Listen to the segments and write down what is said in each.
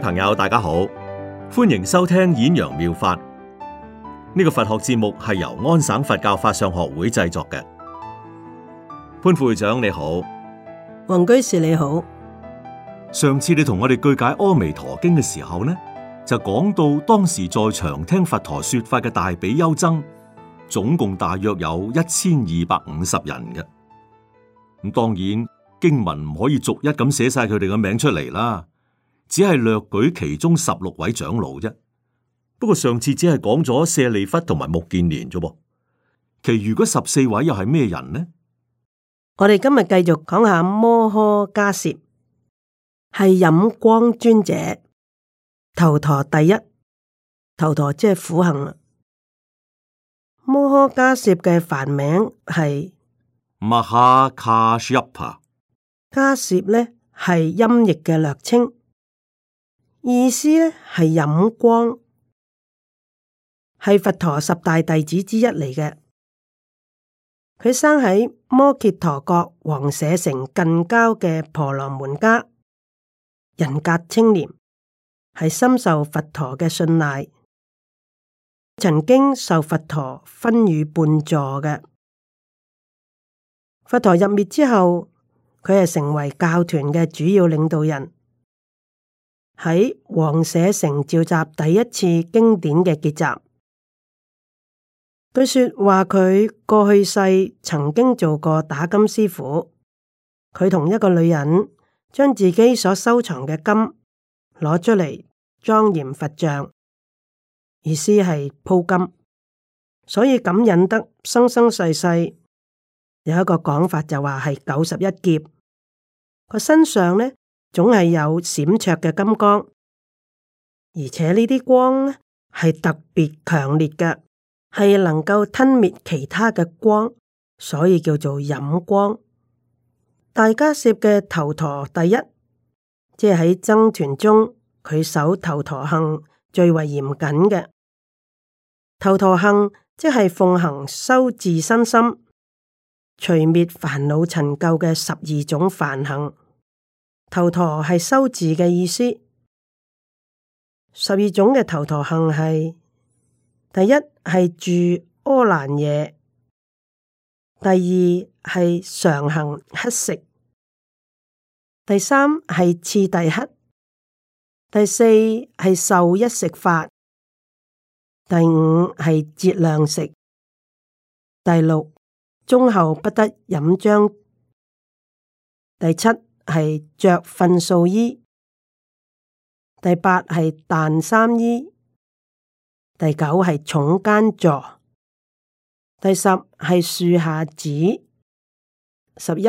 朋友，大家好，歡迎收聽《演揚妙，妙法》呢、這個佛學節目，係由安省佛教法相學會製作嘅。潘副會長你好，王居士你好。上次你同我哋句解《阿彌陀經》嘅時候呢，就講到當時在場聽佛陀說法嘅大比丘僧，總共大約有一千二百五十人嘅。咁當然經文唔可以逐一咁寫晒佢哋嘅名出嚟啦。只係略舉其中十六位長老啫，不過上次只係講咗舍利弗同埋目犍連啫噃，其餘嗰十四位又係咩人呢？我哋今日繼續講下摩訶迦葉，係飲光尊者，頭陀第一，頭陀即係苦行啦。摩訶迦葉嘅梵名係 Mahakashyapa，迦葉咧係音譯嘅略稱。意思呢，係飲光，係佛陀十大弟子之一嚟嘅。佢生喺摩揭陀國王舍城近郊嘅婆羅門家，人格清廉，係深受佛陀嘅信賴。曾經受佛陀分予半座嘅，佛陀入滅之後，佢係成為教團嘅主要領導人。喺王舍城召集第一次經典嘅結集。佢說話，佢過去世曾經做過打金師傅，佢同一個女人將自己所收藏嘅金攞出嚟莊嚴佛像，意思係鋪金，所以感引得生生世世有一個講法就話係九十一劫，個身上呢，總係有閃爍嘅金光，而且呢啲光係特別強烈嘅，係能夠吞滅其他嘅光，所以叫做飲光。大迦葉嘅頭陀，陀，第一即係喺僧團中，佢守頭陀，陀行最為嚴謹嘅頭陀行，即係奉行修治身心、除滅煩惱塵垢嘅十二種梵行。頭陀係修字嘅意思，十二種嘅頭陀行係：第一係住阿蘭若，第二係常行乞食，第三係次第乞，第四係受一食法，第五係節量食，第六中後不得飲漿，第七。係着糞掃衣，第八係彈三衣，第九係重間座，第十係樹下子，十一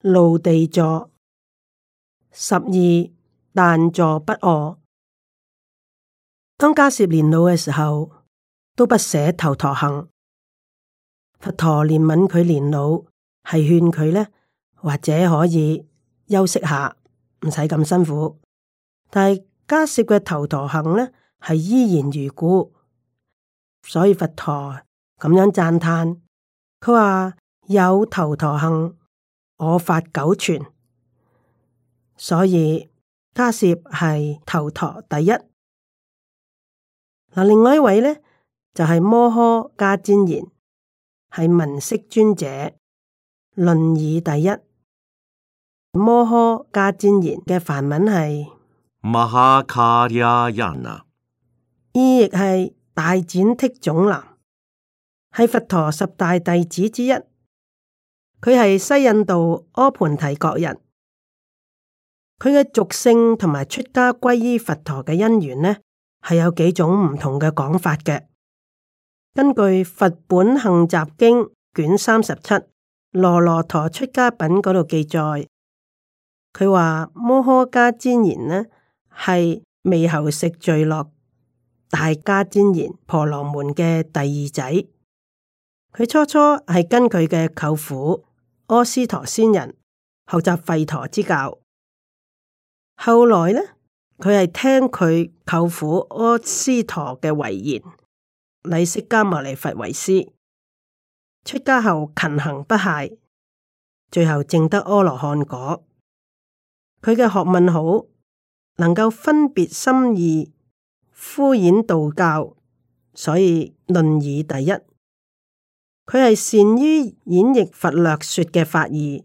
露地座，十二但坐不臥。當迦葉年老嘅時候，都不捨頭陀行。佛陀憐憫佢年老，係勸佢呢？或者可以。休息下，唔使咁辛苦。但係加涉嘅頭陀行呢，係依然如故，所以佛陀咁樣讚歎佢話有頭陀行，我法久存。所以加涉係頭陀第一。嗱，另外一位呢，就係、是、摩訶迦旃延，係文飾尊者，論義第一。摩訶迦旃延嘅梵文係 Mahakasyayana，意亦係大展剔種男，係佛陀十大弟子之一。佢係西印度阿盤提國人。佢嘅俗姓同埋出家歸依佛陀嘅因緣呢，係有幾種唔同嘅講法嘅。根據《佛本行集經》卷三十七《羅羅陀出家品》嗰度記載。佢話摩訶迦旃延呢係未后食罪落大迦旃延婆羅門嘅第二仔。佢初初係跟佢嘅舅父阿斯陀仙人學習吠陀之教。後來呢，佢係聽佢舅父阿斯陀嘅遺言禮釋迦牟尼佛為師。出家後勤行不懈，最後證得阿羅漢果。佢嘅學問好，能夠分別心意，敷衍道教，所以論議第一。佢係善於演繹佛略說嘅法義，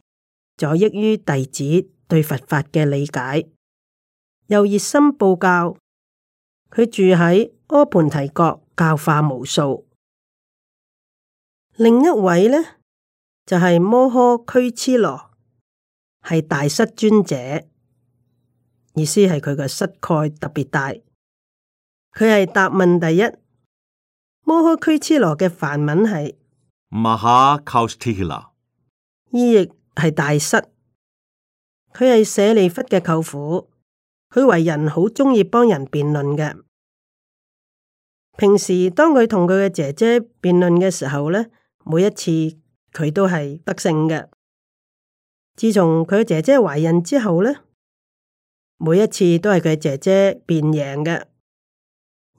助益於弟子對佛法嘅理解，又熱心布教。佢住喺阿槃提國，教化無數。另一位呢，就係、是、摩訶拘絺羅。係大膝尊者，意思係佢嘅膝蓋特別大。佢係答問第一摩訶拘痴羅嘅梵文係 Mahakaushtila。意譯亦係大膝，佢係舍利弗嘅舅父，佢為人好鍾意幫人辯論嘅。平時當佢同佢嘅姐姐辯論嘅時候咧，每一次佢都係得勝嘅。自從佢姐姐懷孕之後呢，每一次都係佢姐姐辯贏嘅，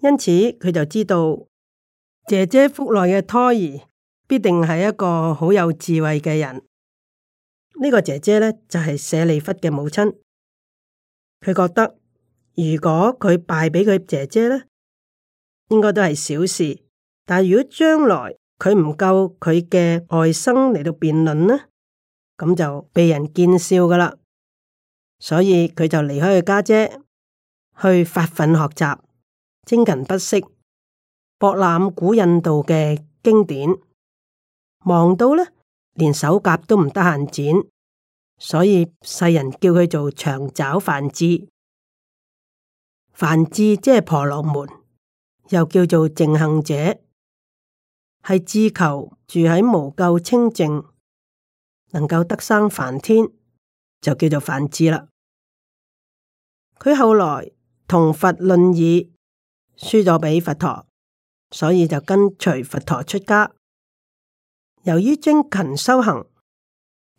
因此佢就知道姐姐腹內嘅胎兒必定係一個好有智慧嘅人。呢、這個姐姐呢，就係、是、舍利弗嘅母親，佢覺得如果佢敗畀佢姐姐呢，應該都係小事。但如果將來佢唔夠佢嘅外甥嚟到辯論呢？咁就被人見笑噶啦，所以佢就離開佢家姐姐，去發奮學習，精勤不息，博覽古印度嘅經典，忙到呢連手甲都唔得閒剪，所以世人叫佢做長爪梵志。梵志即係婆羅門，又叫做淨行者，係志求住喺無垢清淨。能夠得生梵天，就叫做梵志啦。佢後來同佛論議，輸咗畀佛陀，所以就跟隨佛陀出家。由於精勤修行，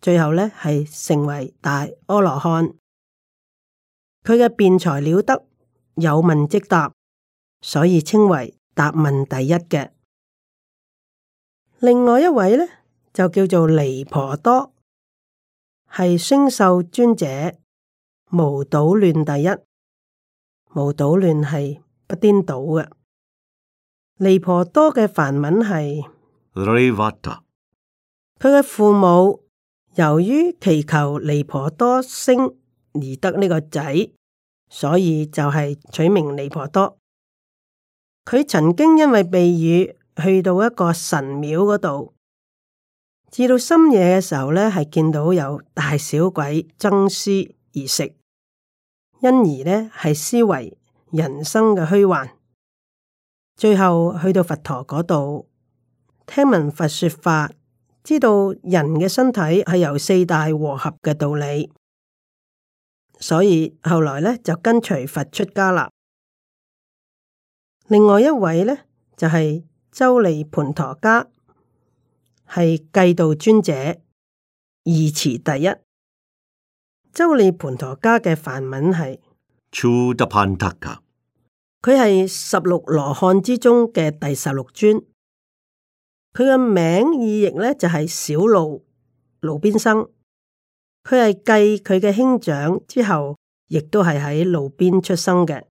最後呢係成為大阿羅漢。佢嘅辯才了得，有問即答，所以稱為答問第一嘅。另外一位呢。就叫做離婆多，係星宿尊者無倒亂第一，無倒亂係不顛倒嘅。離婆多嘅梵文係 Revata，佢嘅父母由於祈求離婆多星而得呢個仔，所以就係取名離婆多。佢曾經因為避雨去到一個神廟嗰度。至到深夜嘅時候咧，係見到有大小鬼爭屍而食，因而咧係思維人生嘅虛幻，最後去到佛陀嗰度，聽聞佛說法，知道人嘅身體係由四大和合嘅道理，所以後來咧就跟隨佛出家啦。另外一位咧就係、是、周利盤陀伽。係繼道尊者義詞第一，周利盤陀伽嘅梵文係 Chudapantaka，佢係十六羅漢之中嘅第十六尊，佢嘅名意譯咧就係、是、小路，路邊生，佢係繼佢嘅兄長之後，亦都係喺路邊出生嘅，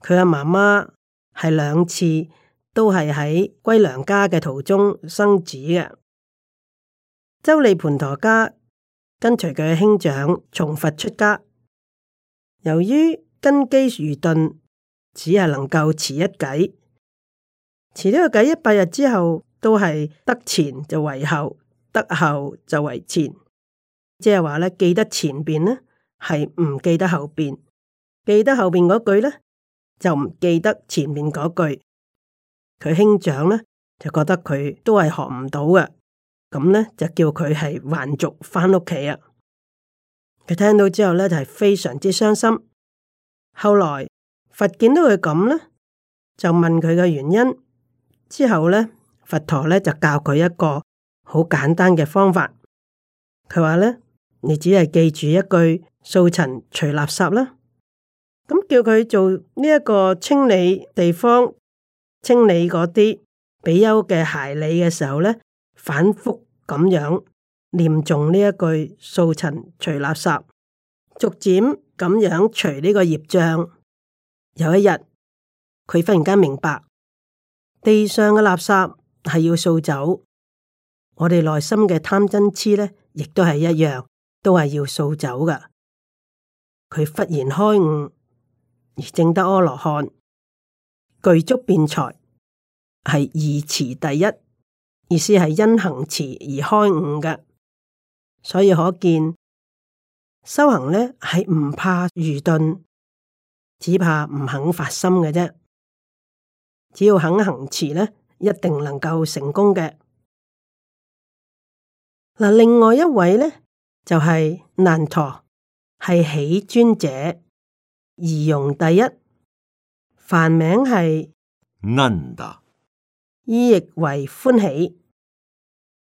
佢嘅媽媽係兩次。都係喺歸娘家嘅途中生子嘅。周利盤陀家跟隨佢兄長從佛出家，由於根基愚鈍，只係能夠持一計。持呢個計一百日之後，都係得前就為後，得後就為前。即係話咧，記得前邊咧係唔記得後邊，記得後邊嗰句咧就唔記得前面嗰句。佢兄長咧就覺得佢都係學唔到嘅，咁咧就叫佢係還俗返屋企啊！佢聽到之後咧就係、是、非常之傷心。後來佛見到佢咁咧，就問佢嘅原因。之後咧，佛陀咧就教佢一個好簡單嘅方法。佢話咧，你只係記住一句掃塵除垃圾啦，咁叫佢做呢一個清理地方。清理嗰啲比丘嘅鞋履嘅時候咧，反覆咁樣念誦呢一句掃塵除垃圾，逐漸咁樣除呢個業障。有一日，佢忽然間明白地上嘅垃圾係要掃走，我哋內心嘅貪嗔癡咧，亦都係一樣，都係要掃走噶。佢忽然開悟而證得阿羅漢。具足辯才係義詞第一，意思係因行詞而開悟嘅，所以可見修行咧係唔怕愚鈍，只怕唔肯發心嘅啫。只要肯行詞咧，一定能夠成功嘅。嗱，另外一位咧就係、是、難陀，係起尊者儀容第一。梵名係 Nanda，依亦為歡喜。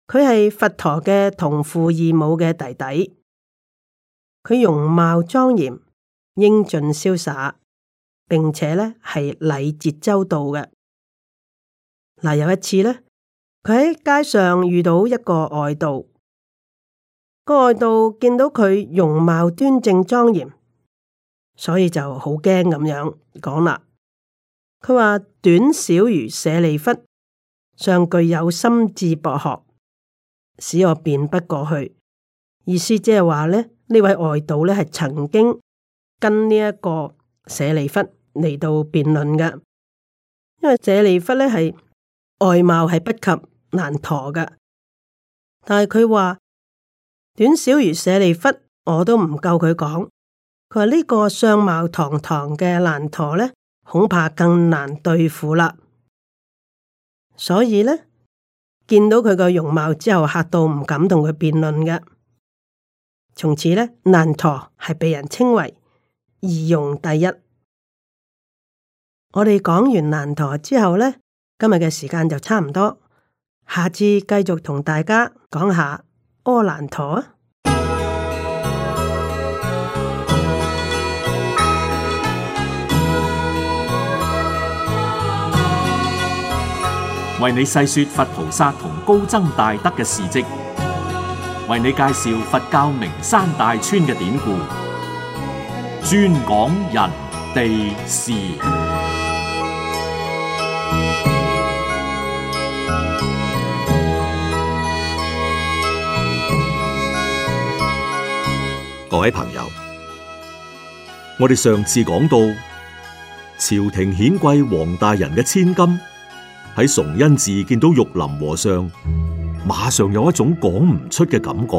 佢係佛陀嘅同父異母嘅弟弟。佢容貌莊嚴、英俊瀟灑，並且咧係禮節周到嘅。嗱、呃，有一次咧，佢喺街上遇到一個外道，個外道見到佢容貌端正莊嚴，所以就好驚咁樣講啦。佢話短小如舍利弗，尚具有心智博學，使我辯不過去。意思即係話呢，呢位外道呢係曾經跟呢一個舍利弗嚟到辯論嘅，因為舍利弗呢係外貌係不及難陀嘅，但係佢話短小如舍利弗，我都唔夠佢講。佢話呢個相貌堂堂嘅難陀呢。恐怕更難對付啦，所以呢，見到佢個容貌之後嚇到唔敢同佢辯論嘅，從此呢，難陀係被人稱為儀容第一。我哋講完難陀之後呢，今日嘅時間就差唔多，下次繼續同大家講下阿難陀啊。為你細說佛菩薩同高僧大德嘅事蹟，為你介紹佛教名山大川嘅典故，專講人地事。各位朋友，我哋上次講到朝廷顯貴黃大人嘅千金。喺崇恩寺見到玉林和尚，馬上有一種講唔出嘅感覺，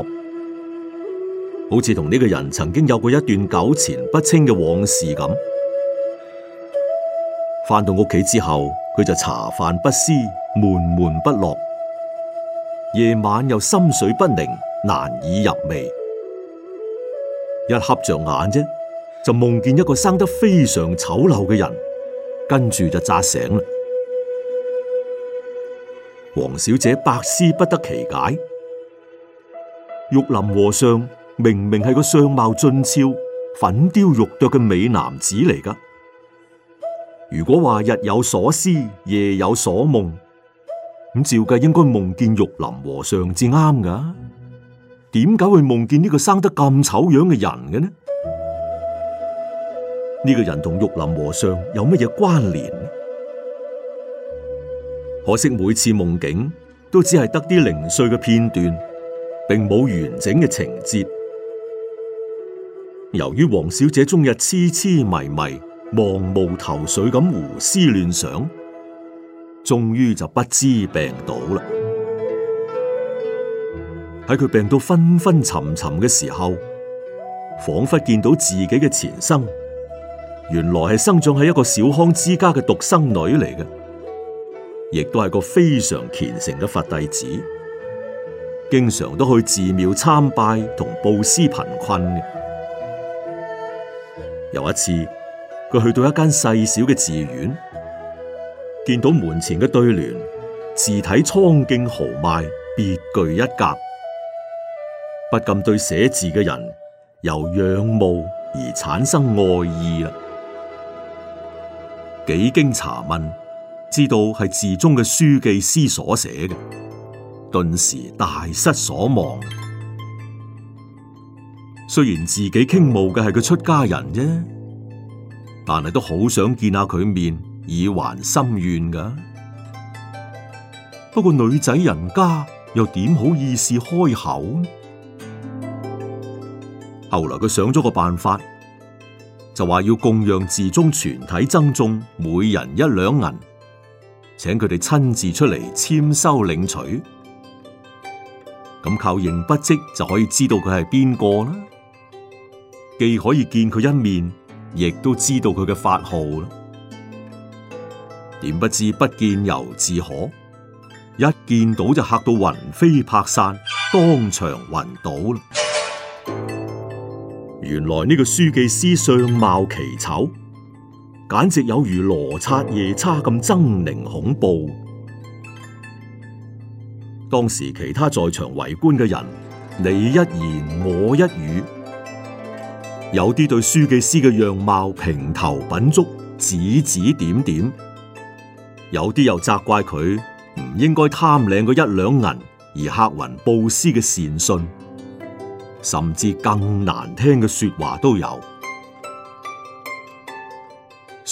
好似同呢個人曾經有過一段糾纏不清嘅往事咁。返到屋企之後，佢就茶飯不思，悶悶不樂，夜晚又心水不寧，難以入寐。一合着眼啫，就夢見一個生得非常醜陋嘅人，跟住就扎醒啦。黃小姐百思不得其解，玉林和尚明明係個相貌俊俏、粉雕玉琢嘅美男子嚟噶。如果話日有所思，夜有所夢，咁照計應該夢見玉林和尚至啱噶。點解會夢見呢個生得咁醜樣嘅人嘅呢？呢個人同玉林和尚有乜嘢關聯？可惜每次夢境都只係得啲零碎嘅片段，並冇完整嘅情節。由於黃小姐終日痴痴迷迷、茫無頭緒咁胡思亂想，終於就不知病倒啦。喺佢病到昏昏沉沉嘅時候，仿佛見到自己嘅前生，原來係生長喺一個小康之家嘅獨生女嚟嘅。亦都係個非常虔誠嘅佛弟子，經常都去寺廟參拜同布施貧困嘅。有一次，佢去到一間細小嘅寺院，見到門前嘅對聯，字體蒼勁豪邁，別具一格，不禁對寫字嘅人由仰慕而產生愛意啦。幾經查問，知道係寺中嘅書記師所寫嘅，頓時大失所望。雖然自己傾慕嘅係佢出家人啫，但係都好想見下佢面以還心願噶。不過女仔人家又點好意思開口呢？後來佢想咗個辦法，就話要供養寺中全體僧眾，每人一兩銀。請佢哋親自出嚟，簽收領取，咁靠形筆跡就可以知道佢係邊個啦，既可以見佢一面，亦都知道佢嘅法號啦。點不知不見猶自可，一見到就嚇到魂飛魄散，當場暈倒啦！原來呢個書記師相貌奇醜。簡直有如羅剎夜叉咁猙獰恐怖。當時其他在場圍觀嘅人，你一言我一語，有啲對書記師嘅樣貌評頭品足、指指點點，有啲又責怪佢唔應該貪領嗰一兩銀而客云布施嘅善信，甚至更難聽嘅說話都有。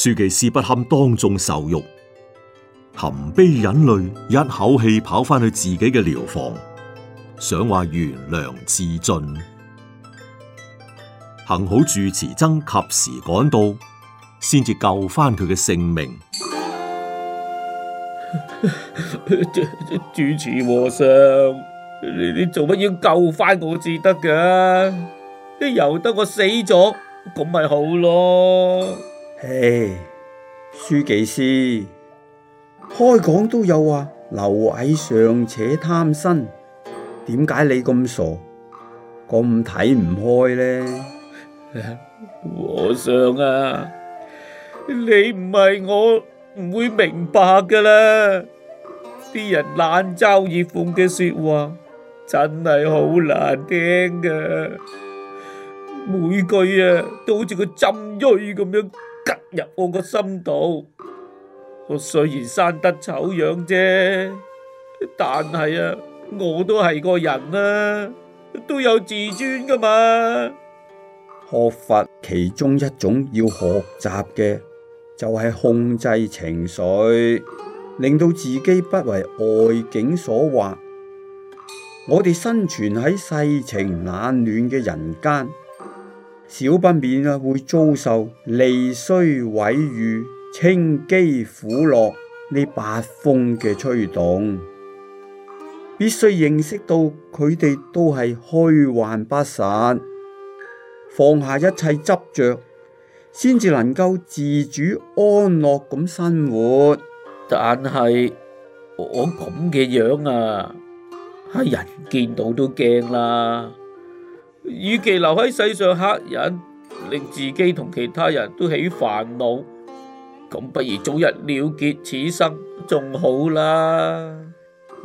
舒記師不堪當眾受辱，含悲忍淚，一口氣跑翻去自己嘅寮房，想話原諒自盡。幸好住持僧及時趕到，先至救翻佢嘅性命。住 持和尚，你,你做乜要救翻我至得㗎？你由得我死咗咁咪好咯？嘿，hey, 書記師開講都有話，啊，螻蟻尚且貪生，點解你咁傻咁睇唔開咧？ 和尚啊， 你唔係我唔會明白噶啦啲人冷嘲熱諷嘅說話真係好難聽噶，每句啊都好似個針錐咁樣。得入我個心度，我雖然生得醜樣啫，但係啊，我都係個人啦，啊，都有自尊噶嘛。學佛其中一種要學習嘅，就係、是、控制情緒，令到自己不為外境所惑。我哋生存喺世情冷暖嘅人間。少不免啊，會遭受利衰毀譽、稱譏苦樂呢八風嘅吹動，必須認識到佢哋都係虛幻不實，放下一切執着，先至能夠自主安樂咁生活。但係我咁嘅樣啊，係人見到都驚啦。與其留喺世上乞人，令自己同其他人都起煩惱，咁不如早日了結此生，仲好啦。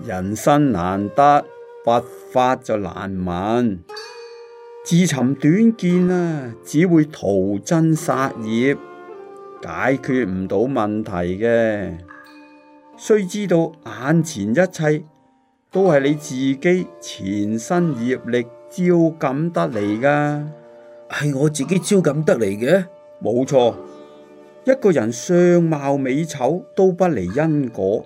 人生難得，佛法就難聞。自尋短見啊，只會徒增殺業，解決唔到問題嘅。需知道眼前一切都係你自己前身業力。招感得嚟噶，係我自己招感得嚟嘅，冇錯。一個人相貌美醜都不離因果。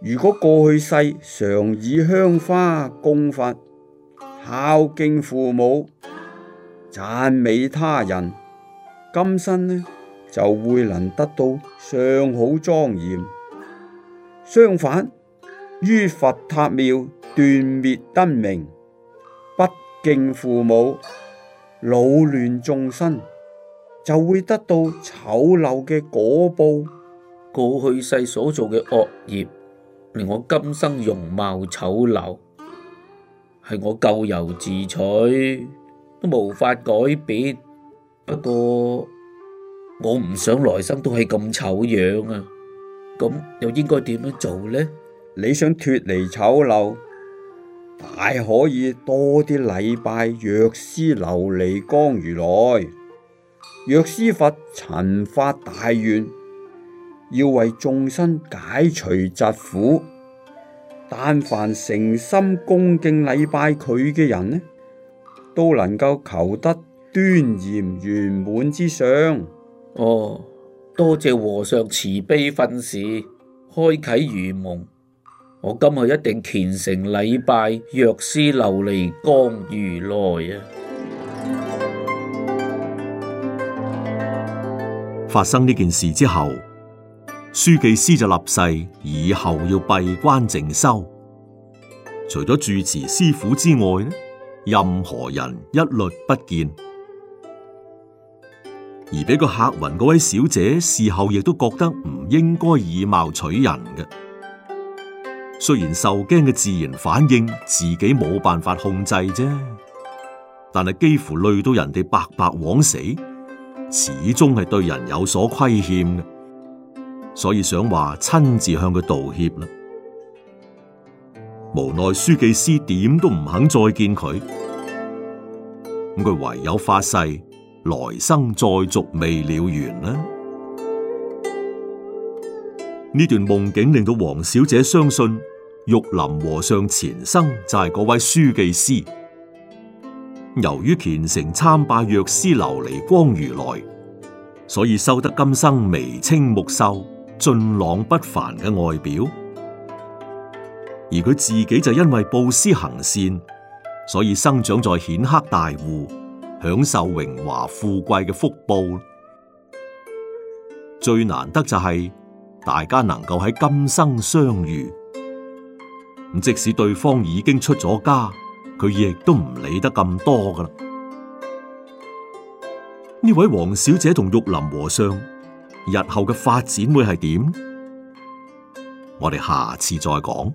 如果過去世常以香花供佛、孝敬父母、讚美他人，今生呢就會能得到相好莊嚴。相反，於佛塔廟斷滅燈明。敬父母，惱亂眾生，就會得到醜陋嘅果報。過去世所做嘅惡業，令我今生容貌醜陋，係我咎由自取，都無法改變。不過，我唔想來生都係咁醜樣啊！咁又應該點樣做呢？你想脫離醜陋？大可以多啲禮拜藥師琉璃光如來，藥師佛曾發大願，要為眾生解除疾苦。但凡誠心恭敬禮拜佢嘅人呢，都能夠求得端嚴圓滿之相。哦，多謝和尚慈悲訓示，開啟愚蒙。我今日一定虔誠禮拜藥師琉璃光如來啊！發生呢件事之後，書記師就立誓以後要閉關靜修，除咗住持師傅之外，任何人一律不見。而俾個嚇暈嗰位小姐事後亦都覺得唔應該以貌取人嘅。雖然受驚嘅自然反應自己冇辦法控制啫，但係幾乎累到人哋白白枉死，始終係對人有所虧欠嘅，所以想話親自向佢道歉啦。無奈書記師點都唔肯再見佢，咁佢唯有發誓來生再續未了緣啦。呢段夢境令到黃小姐相信。玉林和尚前生就係嗰位書記師，由於虔誠參拜藥師琉璃光如來，所以修得今生眉清目秀、俊朗不凡嘅外表。而佢自己就因為布施行善，所以生長在顯赫大戶，享受榮華富貴嘅福報。最難得就係大家能夠喺今生相遇。咁即使對方已經出咗家，佢亦都唔理得咁多噶啦。呢位黃小姐同玉林和尚日後嘅發展會係點？我哋下次再講。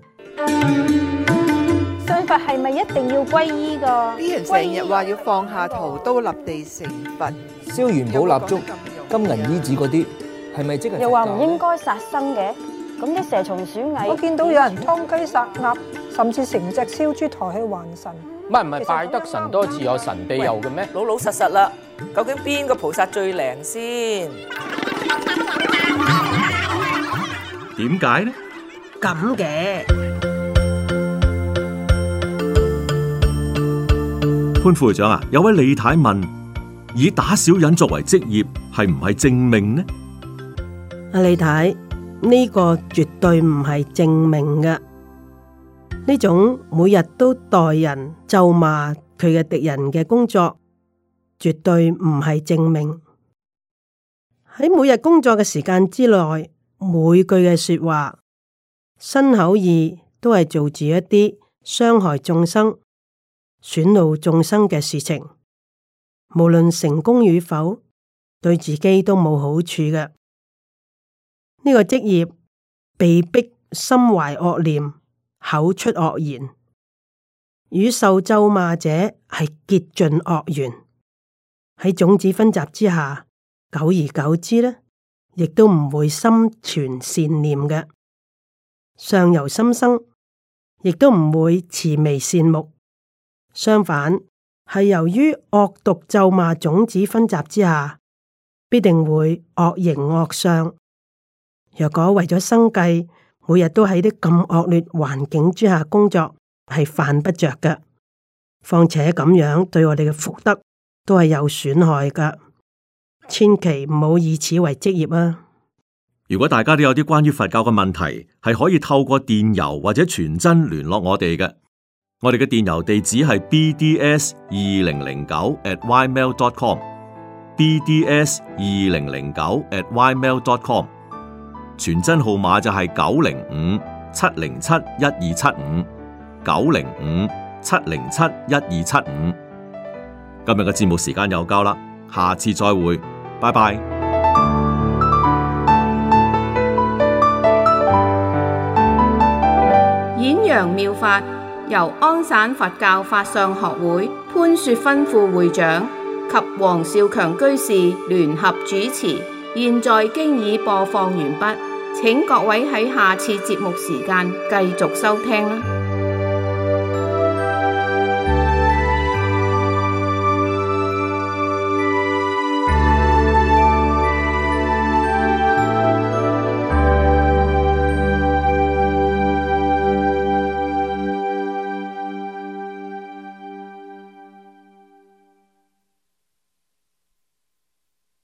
信佛係咪一定要皈依噶？啲人成日話要放下屠刀立地成佛，衣燒元寶蠟燭、金銀衣紙嗰啲，係咪即係又話唔應該殺生嘅？咁啲蛇蟲鼠蟻，我見到有人殺雞殺鴨，甚至成隻燒豬抬起還神。唔係唔係，拜得神多自有神庇佑嘅咩？老老實實啦，究竟邊個菩薩最靈先？點解呢？咁嘅潘副會長啊，有位李太問：以打小人作為職業，係唔係正命呢？阿李太。呢個絕對唔係正命嘅，呢種每日都代人咒罵佢嘅敵人嘅工作，絕對唔係正命。喺每日工作嘅時間之內，每句嘅說話，身口意都係做住一啲傷害眾生、損怒眾生嘅事情，無論成功與否，對自己都冇好處嘅。呢個職業被逼心懷惡念，口出惡言，與受咒罵者係結盡惡緣。喺種子分集之下，久而久之呢，亦都唔會心存善念嘅，相由心生，亦都唔會慈眉善目。相反，係由於惡毒咒罵種子分集之下，必定會惡形惡相。若果為咗生計，每日都喺啲咁惡劣環境之下工作，係犯不着嘅。況且咁樣對我哋嘅福德都係有損害噶，千祈唔好以此為職業啊！如果大家都有啲關於佛教嘅問題，係可以透過電郵或者傳真聯絡我哋嘅。我哋嘅電郵地址係 bds 二零零九 at ymail.com，bds 二零零九 at ymail.com。傳真號碼就係九零五七零七一二七五九零五七零七一二七五。今日嘅節目時間又夠啦，下次再會，拜拜。演揚妙法由安省佛教法相學會潘雪芬副會長及黃少強居士聯合主持，現在經已播放完畢。請各位喺下次節目時間繼續收聽。